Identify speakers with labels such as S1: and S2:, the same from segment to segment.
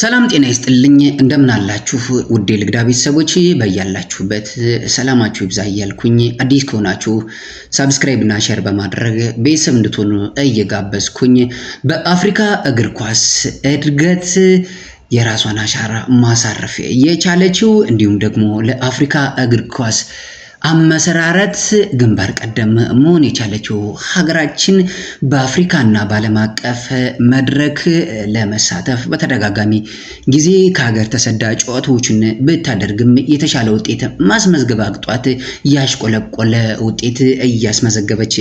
S1: ሰላም ጤና ይስጥልኝ። እንደምናላችሁ ውዴ ልግዳ ቤተሰቦች በያላችሁበት ሰላማችሁ ይብዛ እያልኩኝ አዲስ ከሆናችሁ ሳብስክራይብ እና ሼር በማድረግ ቤተሰብ እንድትሆኑ እየጋበዝኩኝ በአፍሪካ እግር ኳስ እድገት የራሷን አሻራ ማሳረፍ የቻለችው እንዲሁም ደግሞ ለአፍሪካ እግር ኳስ አመሰራረት ግንባር ቀደም መሆን የቻለችው ሀገራችን በአፍሪካና በዓለም አቀፍ መድረክ ለመሳተፍ በተደጋጋሚ ጊዜ ከሀገር ተሰዳ ጨዋታዎችን ብታደርግም የተሻለ ውጤት ማስመዝገብ አቅጧት ያሽቆለቆለ ውጤት እያስመዘገበች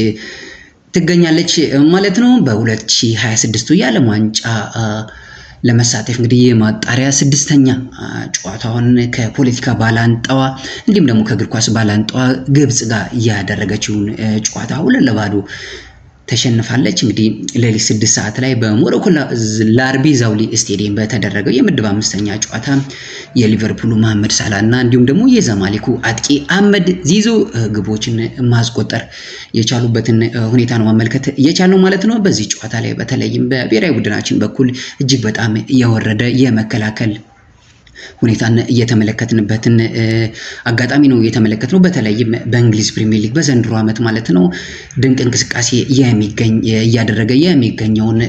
S1: ትገኛለች ማለት ነው። በ2026ቱ የዓለም ዋንጫ ለመሳተፍ እንግዲህ የማጣሪያ ስድስተኛ ጨዋታውን ከፖለቲካ ባላንጣዋ እንዲሁም ደግሞ ከእግር ኳስ ባላንጣዋ ግብጽ ጋር እያደረገችውን ጨዋታ ሁለት ለባዶ ተሸንፋለች። እንግዲህ ሌሊት ስድስት ሰዓት ላይ በሞሮኮ ላርቢ ዛውሊ ስቴዲየም በተደረገው የምድብ አምስተኛ ጨዋታ የሊቨርፑሉ መሐመድ ሳላ እና እንዲሁም ደግሞ የዛማሊኩ አጥቂ አህመድ ዚዙ ግቦችን ማስቆጠር የቻሉበትን ሁኔታ ነው ማመልከት የቻልነው ማለት ነው። በዚህ ጨዋታ ላይ በተለይም በብሔራዊ ቡድናችን በኩል እጅግ በጣም የወረደ የመከላከል ሁኔታን እየተመለከትንበትን አጋጣሚ ነው እየተመለከትነው። በተለይም በእንግሊዝ ፕሪሚየር ሊግ በዘንድሮ ዓመት ማለት ነው ድንቅ እንቅስቃሴ የሚገኝ እያደረገ የሚገኘውን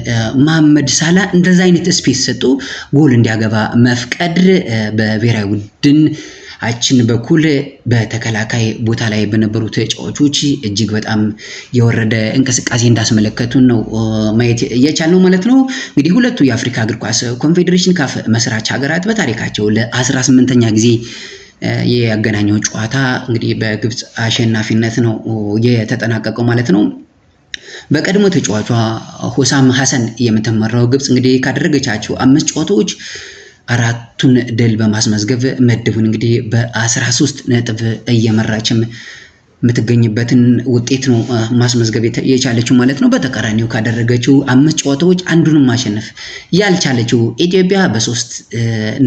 S1: መሐመድ ሳላ እንደዛ አይነት ስፔስ ሰጡ ጎል እንዲያገባ መፍቀድ በብሔራዊ ቡድን አችን በኩል በተከላካይ ቦታ ላይ በነበሩ ተጫዋቾች እጅግ በጣም የወረደ እንቅስቃሴ እንዳስመለከቱን ነው ማየት የቻልነው ማለት ነው። እንግዲህ ሁለቱ የአፍሪካ እግር ኳስ ኮንፌዴሬሽን ካፍ መስራች ሀገራት በታሪካቸው ለ 18 ጊዜ ያገናኘው ጨዋታ እንግዲህ በግብፅ አሸናፊነት ነው የተጠናቀቀው ማለት ነው። በቀድሞ ተጫዋቿ ሆሳም ሀሰን የምትመራው ግብፅ እንግዲህ ካደረገቻቸው አምስት ጨዋታዎች አራቱን ድል በማስመዝገብ ምድቡን እንግዲህ በ13 ነጥብ እየመራችም የምትገኝበትን ውጤት ነው ማስመዝገብ የቻለችው ማለት ነው። በተቃራኒው ካደረገችው አምስት ጨዋታዎች አንዱንም ማሸነፍ ያልቻለችው ኢትዮጵያ በሶስት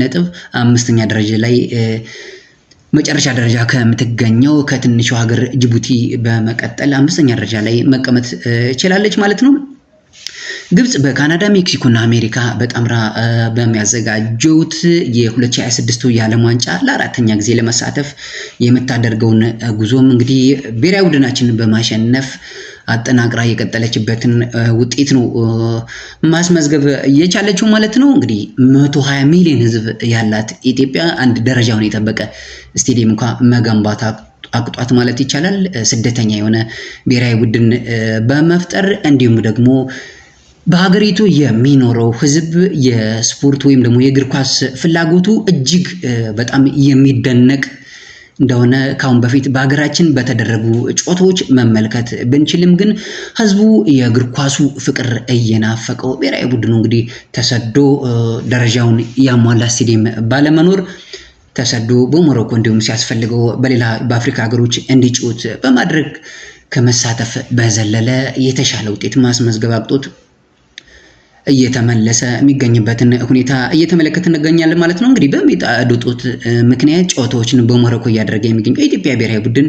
S1: ነጥብ አምስተኛ ደረጃ ላይ መጨረሻ ደረጃ ከምትገኘው ከትንሹ ሀገር ጅቡቲ በመቀጠል አምስተኛ ደረጃ ላይ መቀመጥ ችላለች ማለት ነው። ግብጽ በካናዳ ሜክሲኮና አሜሪካ በጣምራ በሚያዘጋጁት የ2026 የዓለም ዋንጫ ለአራተኛ ጊዜ ለመሳተፍ የምታደርገውን ጉዞም እንግዲህ ብሔራዊ ቡድናችንን በማሸነፍ አጠናቅራ የቀጠለችበትን ውጤት ነው ማስመዝገብ የቻለችው ማለት ነው። እንግዲህ 120 ሚሊዮን ሕዝብ ያላት ኢትዮጵያ አንድ ደረጃውን የጠበቀ ስቴዲየም እንኳ መገንባት አቅጧት ማለት ይቻላል። ስደተኛ የሆነ ብሔራዊ ቡድን በመፍጠር እንዲሁም ደግሞ በሀገሪቱ የሚኖረው ህዝብ የስፖርት ወይም ደግሞ የእግር ኳስ ፍላጎቱ እጅግ በጣም የሚደነቅ እንደሆነ ካሁን በፊት በሀገራችን በተደረጉ ጨዋታዎች መመልከት ብንችልም ግን ህዝቡ የእግር ኳሱ ፍቅር እየናፈቀው ብሔራዊ ቡድኑ እንግዲህ ተሰዶ ደረጃውን ያሟላ ስቴዲየም ባለመኖር ተሰዶ በሞሮኮ እንዲሁም ሲያስፈልገው በሌላ በአፍሪካ ሀገሮች እንዲጫወት በማድረግ ከመሳተፍ በዘለለ የተሻለ ውጤት ማስመዝገብ አቅቶት እየተመለሰ የሚገኝበትን ሁኔታ እየተመለከት እንገኛለን ማለት ነው። እንግዲህ በሚጣዱ ጡት ምክንያት ጨዋታዎችን በሞሮኮ እያደረገ የሚገኘው የኢትዮጵያ ብሔራዊ ቡድን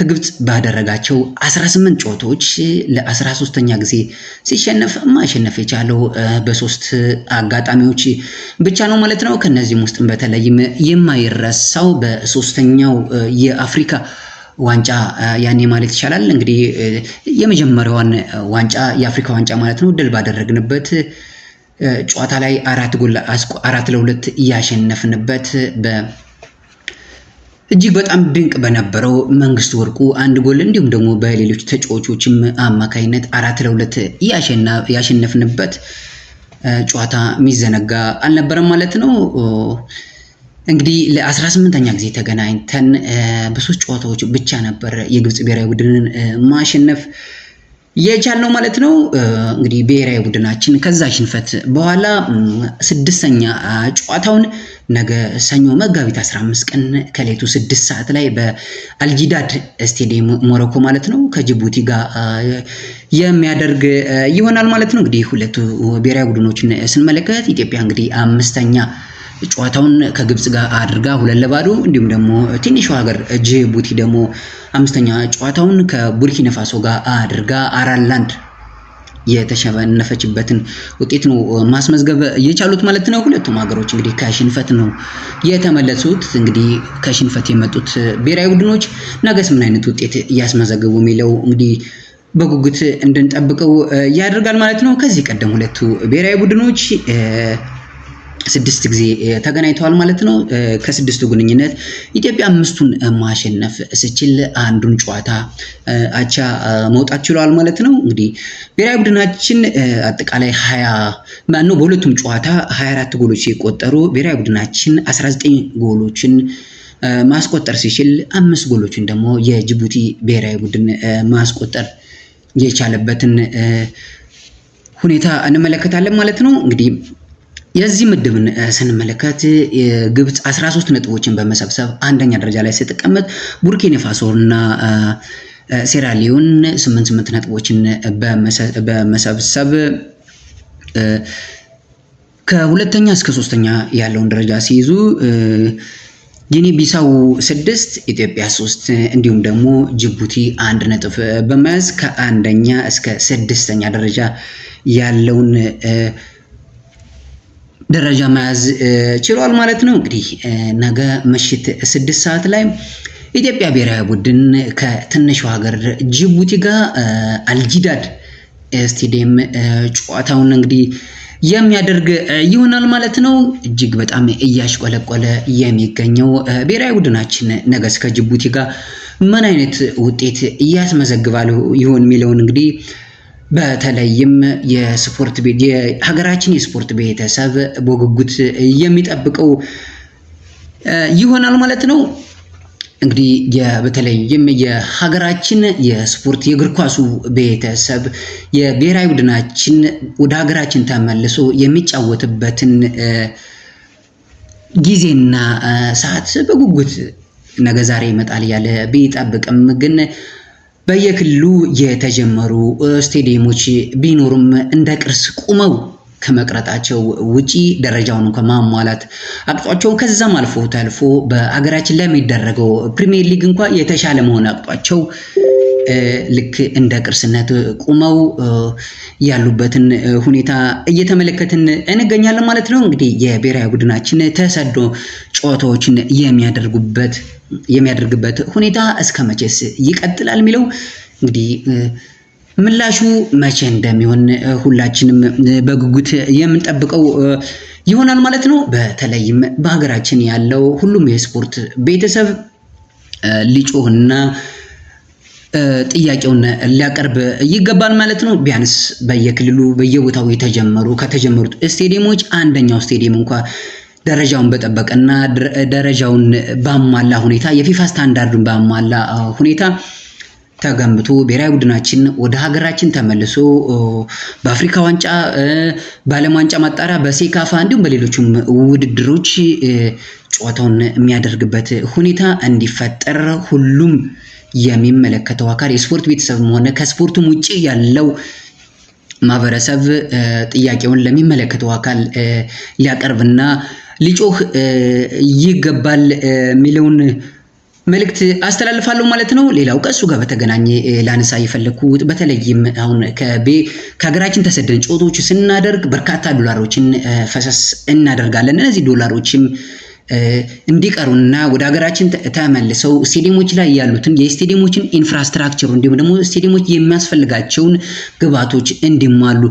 S1: ከግብፅ ባደረጋቸው 18 ጨዋታዎች ለ 13 ተኛ ጊዜ ሲሸነፍ ማሸነፍ የቻለው በሶስት አጋጣሚዎች ብቻ ነው ማለት ነው። ከነዚህም ውስጥ በተለይም የማይረሳው በሶስተኛው የአፍሪካ ዋንጫ ያኔ ማለት ይቻላል እንግዲህ የመጀመሪያዋን ዋንጫ የአፍሪካ ዋንጫ ማለት ነው ድል ባደረግንበት ጨዋታ ላይ አራት ጎል አራት ለሁለት እያሸነፍንበት በ እጅግ በጣም ድንቅ በነበረው መንግስት ወርቁ አንድ ጎል እንዲሁም ደግሞ በሌሎች ተጫዋቾችም አማካኝነት አራት ለሁለት ያሸነፍንበት ጨዋታ የሚዘነጋ አልነበረም ማለት ነው። እንግዲህ ለ18ኛ ጊዜ ተገናኝተን በሶስት ጨዋታዎች ብቻ ነበር የግብፅ ብሔራዊ ቡድንን ማሸነፍ የቻልነው ማለት ነው። እንግዲህ ብሔራዊ ቡድናችን ከዛ ሽንፈት በኋላ ስድስተኛ ጨዋታውን ነገ ሰኞ መጋቢት 15 ቀን ከሌቱ ስድስት ሰዓት ላይ በአልጂዳድ ስቴዲየም ሞሮኮ ማለት ነው ከጅቡቲ ጋር የሚያደርግ ይሆናል ማለት ነው። እንግዲህ ሁለቱ ብሔራዊ ቡድኖችን ስንመለከት ኢትዮጵያ እንግዲህ አምስተኛ ጨዋታውን ከግብጽ ጋር አድርጋ ሁለት ለባዶ እንዲሁም ደግሞ ትንሿ ሀገር ጅቡቲ ደግሞ አምስተኛ ጨዋታውን ከቡርኪና ፋሶ ጋር አድርጋ አራላንድ የተሸነፈችበትን ውጤት ነው ማስመዝገብ የቻሉት ማለት ነው። ሁለቱም ሀገሮች እንግዲህ ከሽንፈት ነው የተመለሱት። እንግዲህ ከሽንፈት የመጡት ብሔራዊ ቡድኖች ነገስ ምን አይነት ውጤት እያስመዘገቡ የሚለው እንግዲህ በጉጉት እንድንጠብቀው ያደርጋል ማለት ነው። ከዚህ ቀደም ሁለቱ ብሔራዊ ቡድኖች ስድስት ጊዜ ተገናኝተዋል ማለት ነው። ከስድስቱ ግንኙነት ኢትዮጵያ አምስቱን ማሸነፍ ስችል አንዱን ጨዋታ አቻ መውጣት ችሏል ማለት ነው። እንግዲህ ብሔራዊ ቡድናችን አጠቃላይ ሀያ ማነው በሁለቱም ጨዋታ ሀያ አራት ጎሎች የቆጠሩ ብሔራዊ ቡድናችን አስራ ዘጠኝ ጎሎችን ማስቆጠር ሲችል አምስት ጎሎችን ደግሞ የጅቡቲ ብሔራዊ ቡድን ማስቆጠር የቻለበትን ሁኔታ እንመለከታለን ማለት ነው እንግዲህ የዚህ ምድብን ስንመለከት ግብፅ 13 ነጥቦችን በመሰብሰብ አንደኛ ደረጃ ላይ ስትቀመጥ ቡርኪና ፋሶና ሴራሊዮን 88 ነጥቦችን በመሰብሰብ ከሁለተኛ እስከ ሶስተኛ ያለውን ደረጃ ሲይዙ ጊኒ ቢሳው ስድስት ኢትዮጵያ ሶስት እንዲሁም ደግሞ ጅቡቲ አንድ ነጥብ በመያዝ ከአንደኛ እስከ ስድስተኛ ደረጃ ያለውን ደረጃ መያዝ ችሏል ማለት ነው። እንግዲህ ነገ ምሽት ስድስት ሰዓት ላይ ኢትዮጵያ ብሔራዊ ቡድን ከትንሹ ሀገር ጅቡቲ ጋር አልጂዳድ ስቴዲየም ጨዋታውን እንግዲህ የሚያደርግ ይሆናል ማለት ነው። እጅግ በጣም እያሽቆለቆለ የሚገኘው ብሔራዊ ቡድናችን እስከ ጅቡቲ ጋር ምን አይነት ውጤት እያስመዘግባል ይሆን የሚለውን እንግዲህ በተለይም የስፖርት የሀገራችን የስፖርት ቤተሰብ በጉጉት የሚጠብቀው ይሆናል ማለት ነው። እንግዲህ በተለይም የሀገራችን የስፖርት የእግር ኳሱ ቤተሰብ የብሔራዊ ቡድናችን ወደ ሀገራችን ተመልሶ የሚጫወትበትን ጊዜና ሰዓት በጉጉት ነገ ዛሬ ይመጣል ያለ ቢጠብቅም ግን በየክልሉ የተጀመሩ ስቴዲየሞች ቢኖሩም እንደ ቅርስ ቁመው ከመቅረጣቸው ውጪ ደረጃውን ከማሟላት አቅጧቸው ከዛም አልፎ ተልፎ በአገራችን ላይ የሚደረገው ፕሪሚየር ሊግ እንኳ የተሻለ መሆን አቅጧቸው ልክ እንደ ቅርስነት ቁመው ያሉበትን ሁኔታ እየተመለከትን እንገኛለን ማለት ነው። እንግዲህ የብሔራዊ ቡድናችን ተሰዶ ጨዋታዎችን የሚያደርጉበት የሚያደርግበት ሁኔታ እስከ መቼስ ይቀጥላል የሚለው እንግዲህ ምላሹ መቼ እንደሚሆን ሁላችንም በጉጉት የምንጠብቀው ይሆናል ማለት ነው። በተለይም በሀገራችን ያለው ሁሉም የስፖርት ቤተሰብ ሊጮህና ጥያቄውን ሊያቀርብ ይገባል ማለት ነው። ቢያንስ በየክልሉ በየቦታው የተጀመሩ ከተጀመሩት ስቴዲየሞች አንደኛው ስቴዲየም እንኳ ደረጃውን በጠበቀና ደረጃውን ባሟላ ሁኔታ የፊፋ ስታንዳርዱን ባሟላ ሁኔታ ተገንብቶ ብሔራዊ ቡድናችን ወደ ሀገራችን ተመልሶ በአፍሪካ ዋንጫ፣ በዓለም ዋንጫ ማጣሪያ፣ በሴካፋ እንዲሁም በሌሎችም ውድድሮች ጨዋታውን የሚያደርግበት ሁኔታ እንዲፈጠር ሁሉም የሚመለከተው አካል የስፖርት ቤተሰብም ሆነ ከስፖርቱም ውጭ ያለው ማህበረሰብ ጥያቄውን ለሚመለከተው አካል ሊያቀርብና ሊጮህ ይገባል የሚለውን መልእክት አስተላልፋለሁ ማለት ነው። ሌላው ከእሱ ጋር በተገናኘ ላነሳ የፈለግኩት በተለይም አሁን ከሀገራችን ተሰደን ጮቶች ስናደርግ በርካታ ዶላሮችን ፈሰስ እናደርጋለን። እነዚህ ዶላሮችም እንዲቀሩና ወደ ሀገራችን ተመልሰው ስቴዲየሞች ላይ ያሉትን የስቴዲየሞችን ኢንፍራስትራክቸር እንዲሁም ደግሞ ስቴዲየሞች የሚያስፈልጋቸውን ግብዓቶች እንዲሟሉ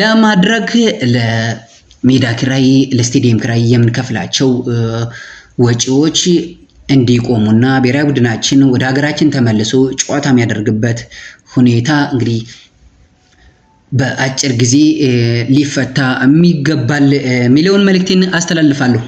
S1: ለማድረግ ለሜዳ ክራይ፣ ለስቴዲየም ክራይ የምንከፍላቸው ወጪዎች እንዲቆሙና ብሔራዊ ቡድናችን ወደ ሀገራችን ተመልሶ ጨዋታ የሚያደርግበት ሁኔታ እንግዲህ በአጭር ጊዜ ሊፈታ የሚገባል የሚለውን መልእክቴን አስተላልፋለሁ።